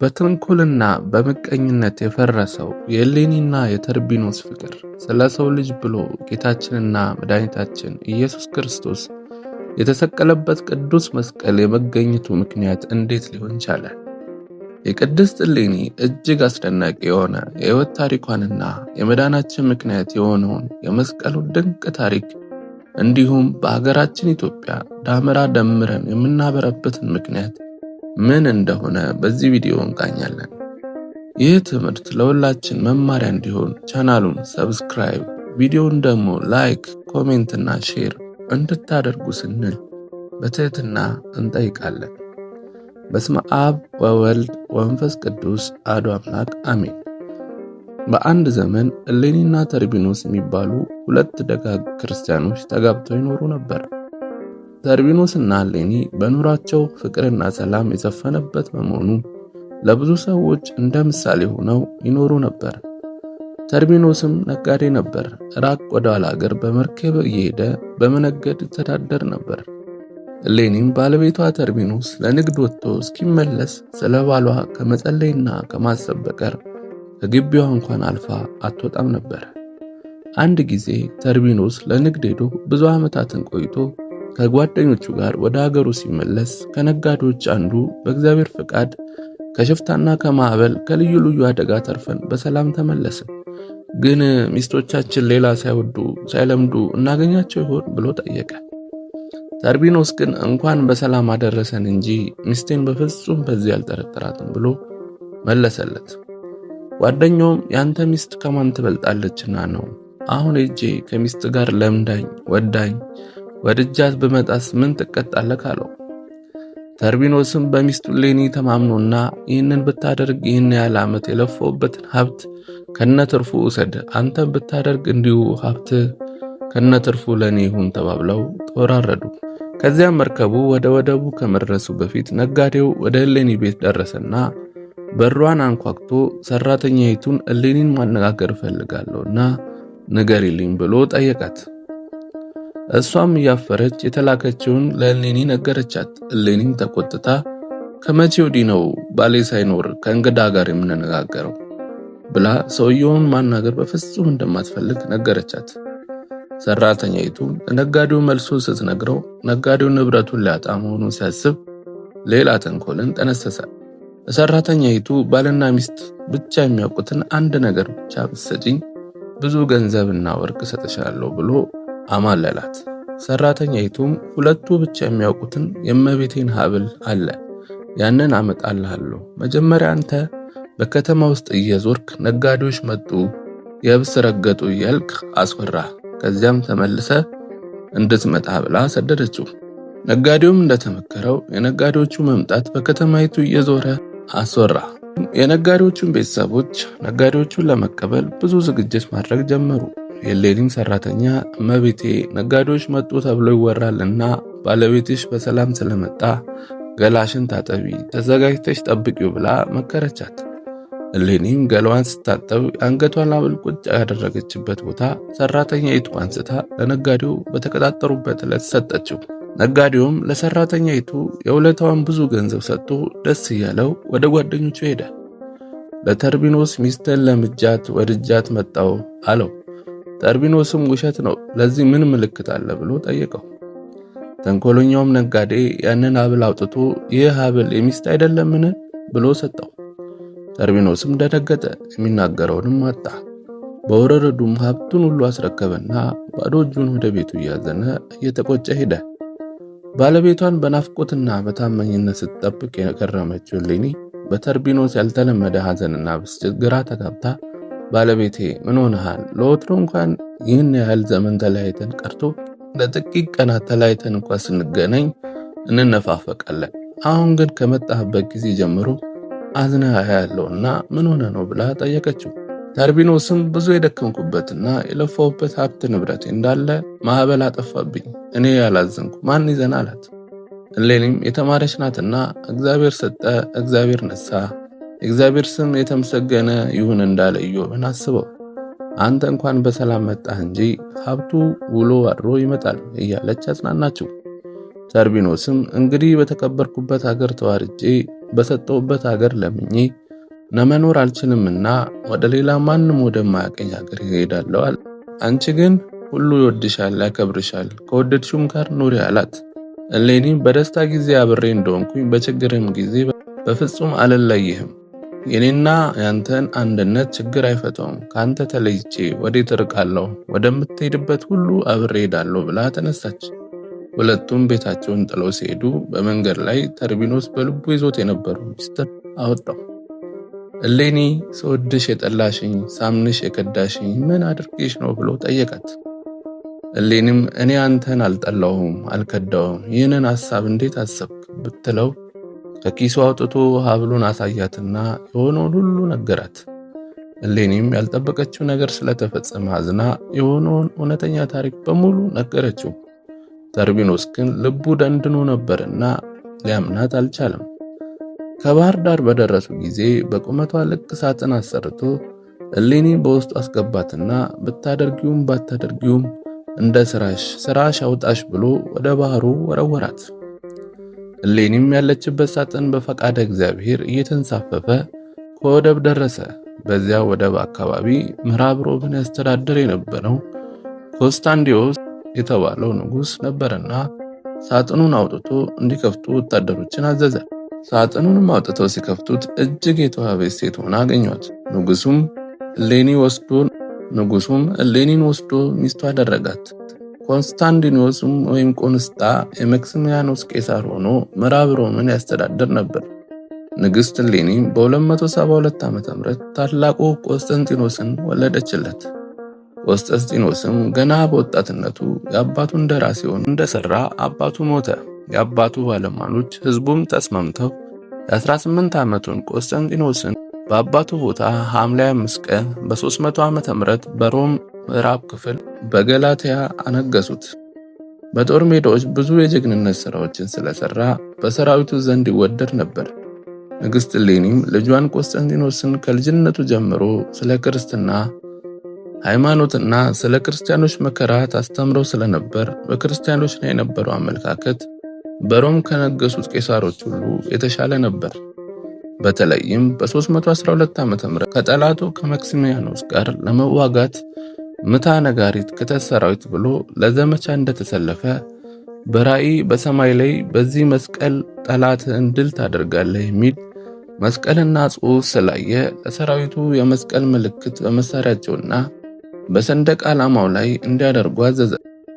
በትንኩልና በምቀኝነት የፈረሰው የሌኒና የተርቢኖስ ፍቅር ስለ ሰው ልጅ ብሎ ጌታችንና መድኃኒታችን ኢየሱስ ክርስቶስ የተሰቀለበት ቅዱስ መስቀል የመገኘቱ ምክንያት እንዴት ሊሆን ቻለ? የቅድስት እሌኒ እጅግ አስደናቂ የሆነ የሕይወት ታሪኳንና የመዳናችን ምክንያት የሆነውን የመስቀሉን ድንቅ ታሪክ እንዲሁም በሀገራችን ኢትዮጵያ ዳመራ ደምረን የምናበረበትን ምክንያት ምን እንደሆነ በዚህ ቪዲዮ እንቃኛለን። ይህ ትምህርት ለሁላችን መማሪያ እንዲሆን ቻናሉን ሰብስክራይብ፣ ቪዲዮውን ደግሞ ላይክ፣ ኮሜንትና ሼር እንድታደርጉ ስንል በትህትና እንጠይቃለን። በስመ አብ ወወልድ ወመንፈስ ቅዱስ አሐዱ አምላክ አሜን። በአንድ ዘመን እሌኒና ተርቢኖስ የሚባሉ ሁለት ደጋግ ክርስቲያኖች ተጋብተው ይኖሩ ነበር። ተርቢኖስና ሌኒ በኑራቸው ፍቅርና ሰላም የሰፈነበት በመሆኑ ለብዙ ሰዎች እንደ ምሳሌ ሆነው ይኖሩ ነበር። ተርቢኖስም ነጋዴ ነበር። ራቅ ወዳለ አገር በመርከብ እየሄደ በመነገድ ይተዳደር ነበር። ሌኒም ባለቤቷ ተርቢኖስ ለንግድ ወጥቶ እስኪመለስ ስለ ባሏ ከመጸለይና ከማሰብ በቀር ከግቢዋ እንኳን አልፋ አትወጣም ነበር። አንድ ጊዜ ተርቢኖስ ለንግድ ሄዶ ብዙ ዓመታትን ቆይቶ ከጓደኞቹ ጋር ወደ አገሩ ሲመለስ ከነጋዴዎች አንዱ በእግዚአብሔር ፍቃድ ከሽፍታና ከማዕበል ከልዩ ልዩ አደጋ ተርፈን በሰላም ተመለስን። ግን ሚስቶቻችን ሌላ ሳይወዱ ሳይለምዱ እናገኛቸው ይሆን ብሎ ጠየቀ። ተርቢኖስ ግን እንኳን በሰላም አደረሰን እንጂ ሚስቴን በፍጹም በዚህ አልጠረጠራትም ብሎ መለሰለት። ጓደኛውም ያንተ ሚስት ከማን ትበልጣለችና ነው? አሁን እጄ ከሚስት ጋር ለምዳኝ ወዳኝ ወድጃት በመጣስ ምን ትቀጣለህ አለው። ተርቢኖስም በሚስቱ ሌኒ ተማምኖና ይህንን ብታደርግ ይህን ያህል ዓመት የለፈውበትን ሀብት ከነትርፉ ውሰድ፣ አንተም ብታደርግ እንዲሁ ሀብት ከነትርፉ ለእኔ ይሁን ተባብለው ተወራረዱ። ከዚያም መርከቡ ወደ ወደቡ ከመድረሱ በፊት ነጋዴው ወደ እሌኒ ቤት ደረሰና በሯን አንኳኩቶ ሰራተኛይቱን እሌኒን ማነጋገር እፈልጋለሁና ንገሪልኝ ብሎ ጠየቃት። እሷም እያፈረች የተላከችውን ለእሌኒ ነገረቻት። እሌኒም ተቆጥታ ከመቼ ወዲህ ነው ባሌ ሳይኖር ከእንግዳ ጋር የምንነጋገረው ብላ ሰውየውን ማናገር በፍጹም እንደማትፈልግ ነገረቻት። ሰራተኛይቱ ነጋዴው መልሶ ስትነግረው ነጋዴው ንብረቱን ሊያጣ መሆኑን ሲያስብ ሌላ ተንኮልን ጠነሰሰ። ሰራተኛይቱ ባልና ሚስት ብቻ የሚያውቁትን አንድ ነገር ብቻ ብትሰጪኝ ብዙ ገንዘብና ወርቅ እሰጥሻለሁ ብሎ አማለላት። ሰራተኛይቱም ሁለቱ ብቻ የሚያውቁትን የእመቤቴን ሀብል አለ፣ ያንን አመጣልሃለሁ። መጀመሪያ አንተ በከተማ ውስጥ እየዞርክ ነጋዴዎች መጡ፣ የብስ ረገጡ እያልክ አስወራ ከዚያም ተመልሰ እንድትመጣ ብላ ሰደደችው። ነጋዴውም እንደተመከረው የነጋዴዎቹ መምጣት በከተማይቱ እየዞረ አስወራ። የነጋዴዎቹን ቤተሰቦች ነጋዴዎቹን ለመቀበል ብዙ ዝግጅት ማድረግ ጀመሩ። የእሌኒን ሰራተኛ መቤቴ ነጋዴዎች መጡ ተብሎ ይወራል እና ባለቤትሽ በሰላም ስለመጣ ገላሽን ታጠቢ ተዘጋጅተሽ ጠብቂው ብላ መከረቻት። እሌኒም ገላዋን ስታጠብ አንገቷን ሐብል ቁጭ ያደረገችበት ቦታ ሰራተኛይቱ አንስታ ለነጋዴው በተቀጣጠሩበት ዕለት ሰጠችው። ነጋዴውም ለሰራተኛይቱ የውለታዋን ብዙ ገንዘብ ሰጥቶ ደስ እያለው ወደ ጓደኞቹ ሄደ። ለተርቢኖስ ሚስትን ለምጃት ወድጃት መጣው አለው። ጠርቢኖስም ውሸት ነው፣ ለዚህ ምን ምልክት አለ ብሎ ጠየቀው። ተንኮለኛውም ነጋዴ ያንን ሀብል አውጥቶ ይህ ሀብል የሚስት አይደለምን ብሎ ሰጠው። ጠርቢኖስም ደነገጠ፣ የሚናገረውንም አጣ። በወረረዱም ሀብቱን ሁሉ አስረከበና ባዶ እጁን ወደ ቤቱ እያዘነ እየተቆጨ ሄደ። ባለቤቷን በናፍቆትና በታማኝነት ስትጠብቅ የከረመችው እሌኒ በተርቢኖስ ያልተለመደ ሐዘንና ብስጭት ግራ ተጋብታ ባለቤቴ ምን ሆነሃል? ለወትሮ እንኳን ይህን ያህል ዘመን ተለያይተን ቀርቶ ለጥቂት ቀናት ተለያይተን እንኳን ስንገናኝ እንነፋፈቃለን። አሁን ግን ከመጣህበት ጊዜ ጀምሮ አዝና ያለው እና ምን ሆነ ነው ብላ ጠየቀችው። ተርቢኖስም ብዙ የደከምኩበትና የለፋሁበት ሀብት ንብረት እንዳለ ማዕበል አጠፋብኝ፣ እኔ ያላዘንኩ ማን ይዘን አላት። እሌኒም የተማረች ናትና እግዚአብሔር ሰጠ፣ እግዚአብሔር ነሳ የእግዚአብሔር ስም የተመሰገነ ይሁን እንዳለ ኢዮብን አስበው። አንተ እንኳን በሰላም መጣህ እንጂ ሀብቱ ውሎ አድሮ ይመጣል እያለች አጽናናችው። ተርቢኖስም እንግዲህ በተከበርኩበት ሀገር ተዋርጄ በሰጠውበት ሀገር ለምኜ ለመኖር አልችልምና ወደ ሌላ ማንም ወደማያቀኝ ሀገር ይሄዳለሁ አለ። አንቺ ግን ሁሉ ይወድሻል፣ ያከብርሻል፣ ከወደድሽም ጋር ኑሪ አላት። እሌኒም በደስታ ጊዜ አብሬ እንደሆንኩኝ በችግርም ጊዜ በፍጹም አልለይህም የኔና ያንተን አንድነት ችግር አይፈታውም። ከአንተ ተለይቼ ወዴት እርቃለሁ? ወደምትሄድበት ሁሉ አብሬ ሄዳለሁ ብላ ተነሳች። ሁለቱም ቤታቸውን ጥለው ሲሄዱ በመንገድ ላይ ተርቢኖስ በልቡ ይዞት የነበረው ሚስጥር አወጣው። እሌኒ ስወድሽ የጠላሽኝ ሳምንሽ የከዳሽኝ ምን አድርጌሽ ነው ብሎ ጠየቃት። እሌኒም እኔ አንተን አልጠላሁም አልከዳውም፣ ይህንን ሐሳብ እንዴት አሰብክ ብትለው ከኪሱ አውጥቶ ሀብሉን አሳያትና የሆነውን ሁሉ ነገራት። እሌኒም ያልጠበቀችው ነገር ስለተፈጸመ አዝና የሆነውን እውነተኛ ታሪክ በሙሉ ነገረችው። ተርቢኖስ ግን ልቡ ደንድኖ ነበርና ሊያምናት አልቻለም። ከባህር ዳር በደረሱ ጊዜ በቁመቷ ልክ ሳጥን አሰርቶ እሌኒ በውስጡ አስገባትና ብታደርጊውም ባታደርጊውም እንደ ስራሽ ስራሽ አውጣሽ ብሎ ወደ ባህሩ ወረወራት። እሌኒም ያለችበት ሳጥን በፈቃደ እግዚአብሔር እየተንሳፈፈ ከወደብ ደረሰ። በዚያ ወደብ አካባቢ ምዕራብ ሮምን ያስተዳድር የነበረው ኮንስታንዲዮስ የተባለው ንጉሥ ነበረና ሳጥኑን አውጥቶ እንዲከፍቱ ወታደሮችን አዘዘ። ሳጥኑንም አውጥተው ሲከፍቱት እጅግ የተዋበች ሴት ሆና አገኟት። ንጉሱም እሌኒ ወስዶ ንጉሱም እሌኒን ወስዶ ሚስቱ አደረጋት። ኮንስታንቲኖስም ወይም ቆንስጣ የመክሲሚያኖስ ቄሳር ሆኖ ምዕራብ ሮምን ያስተዳድር ነበር። ንግሥት ሌኒም በ272 ዓ ም ታላቁ ቆስጠንጢኖስን ወለደችለት። ቆስጠንጢኖስም ገና በወጣትነቱ የአባቱን ደራሲውን እንደሰራ አባቱ ሞተ። የአባቱ ባለሟሎች ሕዝቡም ተስማምተው የ18 ዓመቱን ቆስጠንጢኖስን በአባቱ ቦታ ሐምሌ 5 ቀን በ300 ዓ ም በሮም ምዕራብ ክፍል በገላትያ አነገሱት። በጦር ሜዳዎች ብዙ የጀግንነት ሥራዎችን ስለሰራ በሰራዊቱ ዘንድ ይወደድ ነበር። ንግሥት ሌኒም ልጇን ቆስጠንጢኖስን ከልጅነቱ ጀምሮ ስለ ክርስትና ሃይማኖትና ስለ ክርስቲያኖች መከራ ታስተምረው ስለነበር በክርስቲያኖች ላይ የነበረው አመለካከት በሮም ከነገሱት ቄሳሮች ሁሉ የተሻለ ነበር። በተለይም በ312 ዓ.ም ከጠላቱ ከመክሲሚያኖስ ጋር ለመዋጋት ምታ ነጋሪት ክተት ሰራዊት ብሎ ለዘመቻ እንደተሰለፈ በራእይ በሰማይ ላይ በዚህ መስቀል ጠላትህን ድል ታደርጋለህ የሚል መስቀልና ጽሑፍ ስላየ ለሰራዊቱ የመስቀል ምልክት በመሳሪያቸውና በሰንደቅ ዓላማው ላይ እንዲያደርጉ አዘዘ።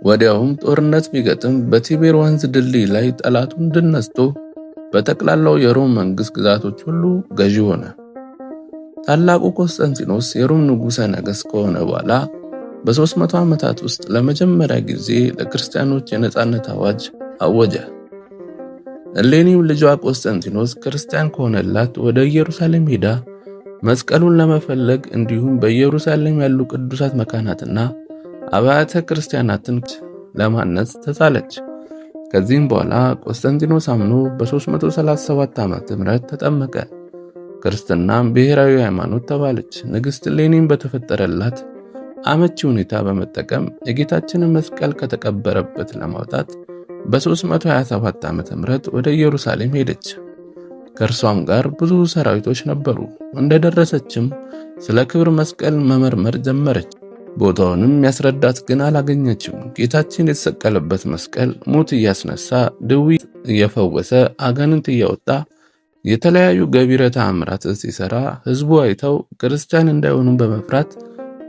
ወዲያውም ጦርነት ቢገጥም በቲቤር ወንዝ ድልድይ ላይ ጠላቱን ድል ነስቶ በጠቅላላው የሮም መንግሥት ግዛቶች ሁሉ ገዢ ሆነ። ታላቁ ቆስጠንጢኖስ የሮም ንጉሠ ነገሥት ከሆነ በኋላ በሶስት መቶ ዓመታት ውስጥ ለመጀመሪያ ጊዜ ለክርስቲያኖች የነፃነት አዋጅ አወጀ። እሌኒው ልጇ ቆስጠንቲኖስ ክርስቲያን ከሆነላት ወደ ኢየሩሳሌም ሄዳ መስቀሉን ለመፈለግ እንዲሁም በኢየሩሳሌም ያሉ ቅዱሳት መካናትና አብያተ ክርስቲያናትን ለማነጽ ተሳለች። ከዚህም በኋላ ቆስጠንቲኖስ አምኖ በ337 ዓመተ ምህረት ተጠመቀ። ክርስትናም ብሔራዊ ሃይማኖት ተባለች። ንግሥት ሌኒም በተፈጠረላት አመቺ ሁኔታ በመጠቀም የጌታችንን መስቀል ከተቀበረበት ለማውጣት በ327 ዓ ም ወደ ኢየሩሳሌም ሄደች። ከእርሷም ጋር ብዙ ሰራዊቶች ነበሩ። እንደደረሰችም ስለ ክብር መስቀል መመርመር ጀመረች። ቦታውንም ያስረዳት ግን አላገኘችም። ጌታችን የተሰቀለበት መስቀል ሙት እያስነሳ፣ ድውይ እየፈወሰ፣ አጋንንት እያወጣ የተለያዩ ገቢረ ተአምራት ሲሰራ ህዝቡ አይተው ክርስቲያን እንዳይሆኑም በመፍራት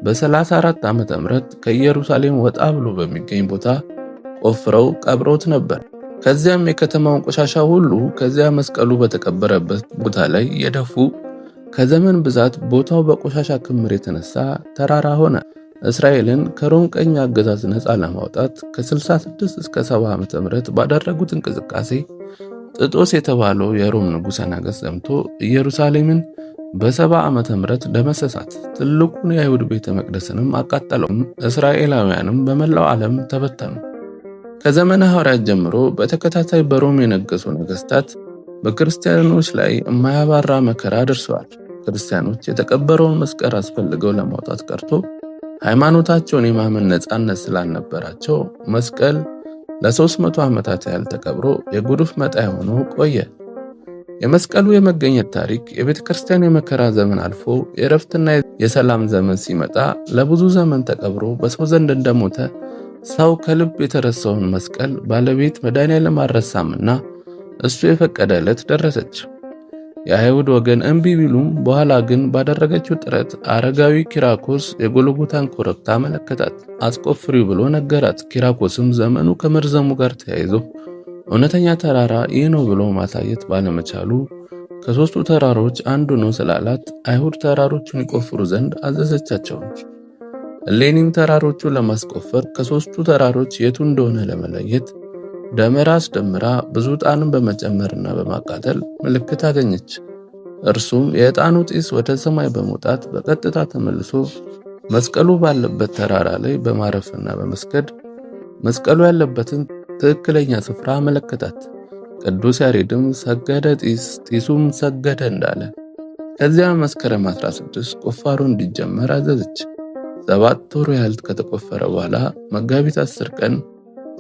በ34 ዓመተ ምህረት ከኢየሩሳሌም ወጣ ብሎ በሚገኝ ቦታ ቆፍረው ቀብረውት ነበር። ከዚያም የከተማውን ቆሻሻ ሁሉ ከዚያ መስቀሉ በተቀበረበት ቦታ ላይ የደፉ። ከዘመን ብዛት ቦታው በቆሻሻ ክምር የተነሳ ተራራ ሆነ። እስራኤልን ከሮም ቀኝ አገዛዝ ነፃ ለማውጣት ከ66 እስከ 70 ዓመተ ምህረት ባደረጉት እንቅስቃሴ ጥጦስ የተባለው የሮም ንጉሠ ነገሥት ዘምቶ ኢየሩሳሌምን በሰባ ዓመተ ምህረት ደመሰሳት። ትልቁን የአይሁድ ቤተ መቅደስንም አቃጠለውም። እስራኤላውያንም በመላው ዓለም ተበተኑ። ከዘመነ ሐዋርያት ጀምሮ በተከታታይ በሮም የነገሱ ነገስታት በክርስቲያኖች ላይ የማያባራ መከራ ደርሰዋል። ክርስቲያኖች የተቀበረውን መስቀል አስፈልገው ለማውጣት ቀርቶ ሃይማኖታቸውን የማመን ነፃነት ስላልነበራቸው መስቀል ለ300 ዓመታት ያህል ተቀብሮ የጉድፍ መጣያ ሆኖ ቆየ። የመስቀሉ የመገኘት ታሪክ የቤተ ክርስቲያን የመከራ ዘመን አልፎ የእረፍትና የሰላም ዘመን ሲመጣ ለብዙ ዘመን ተቀብሮ በሰው ዘንድ እንደሞተ ሰው ከልብ የተረሳውን መስቀል ባለቤት መድኃኔዓለም አልረሳምና እሱ የፈቀደለት ደረሰች። የአይሁድ ወገን እምቢ ቢሉም በኋላ ግን ባደረገችው ጥረት አረጋዊ ኪራኮስ የጎልጎታን ኮረብታ መለከታት፣ አስቆፍሪ ብሎ ነገራት። ኪራኮስም ዘመኑ ከመርዘሙ ጋር ተያይዞ እውነተኛ ተራራ ይህ ነው ብሎ ማሳየት ባለመቻሉ ከሦስቱ ተራሮች አንዱ ነው ስላላት አይሁድ ተራሮቹን ይቆፍሩ ዘንድ አዘዘቻቸው። እሌኒም ተራሮቹን ለማስቆፈር ከሦስቱ ተራሮች የቱ እንደሆነ ለመለየት ደመራ አስደምራ ብዙ ዕጣንን በመጨመርና በማቃጠል ምልክት አገኘች። እርሱም የዕጣኑ ጢስ ወደ ሰማይ በመውጣት በቀጥታ ተመልሶ መስቀሉ ባለበት ተራራ ላይ በማረፍና በመስገድ መስቀሉ ያለበትን ትክክለኛ ስፍራ አመለከታት። ቅዱስ ያሬድም ሰገደ ጢስ ጢሱም ሰገደ እንዳለ። ከዚያ መስከረም 16 ቁፋሮ እንዲጀመር አዘዘች። ሰባት ወር ያህል ከተቆፈረ በኋላ መጋቢት 10 ቀን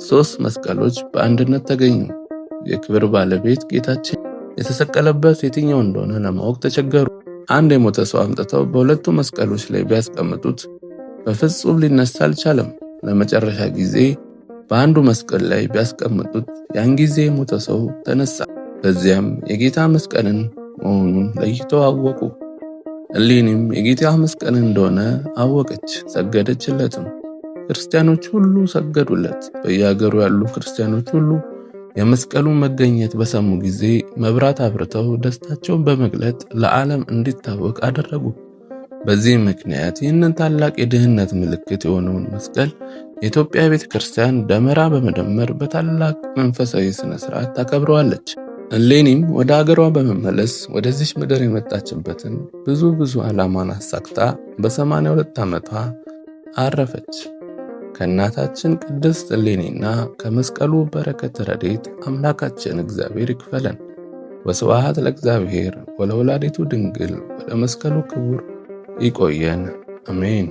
ሶስት መስቀሎች በአንድነት ተገኙ። የክብር ባለቤት ጌታችን የተሰቀለበት የትኛው እንደሆነ ለማወቅ ተቸገሩ። አንድ የሞተ ሰው አምጥተው በሁለቱ መስቀሎች ላይ ቢያስቀምጡት በፍጹም ሊነሳ አልቻለም። ለመጨረሻ ጊዜ በአንዱ መስቀል ላይ ቢያስቀምጡት ያን ጊዜ የሞተ ሰው ተነሳ። በዚያም የጌታ መስቀልን መሆኑን ለይተው አወቁ። እሊንም የጌታ መስቀል እንደሆነ አወቀች፣ ሰገደችለትም። ክርስቲያኖች ሁሉ ሰገዱለት። በየሀገሩ ያሉ ክርስቲያኖች ሁሉ የመስቀሉን መገኘት በሰሙ ጊዜ መብራት አብርተው ደስታቸውን በመግለጥ ለዓለም እንዲታወቅ አደረጉ። በዚህ ምክንያት ይህንን ታላቅ የድህነት ምልክት የሆነውን መስቀል የኢትዮጵያ ቤተ ክርስቲያን ደመራ በመደመር በታላቅ መንፈሳዊ ስነ ስርዓት ታከብረዋለች። እሌኒም ወደ አገሯ በመመለስ ወደዚች ምድር የመጣችበትን ብዙ ብዙ ዓላማን አሳክታ በ82 ዓመቷ አረፈች። ከእናታችን ቅድስት እሌኒና ከመስቀሉ በረከት ረዴት አምላካችን እግዚአብሔር ይክፈለን። ወስብሐት ለእግዚአብሔር ወለወላዲቱ ድንግል ወለመስቀሉ ክቡር ይቆየን። አሜን።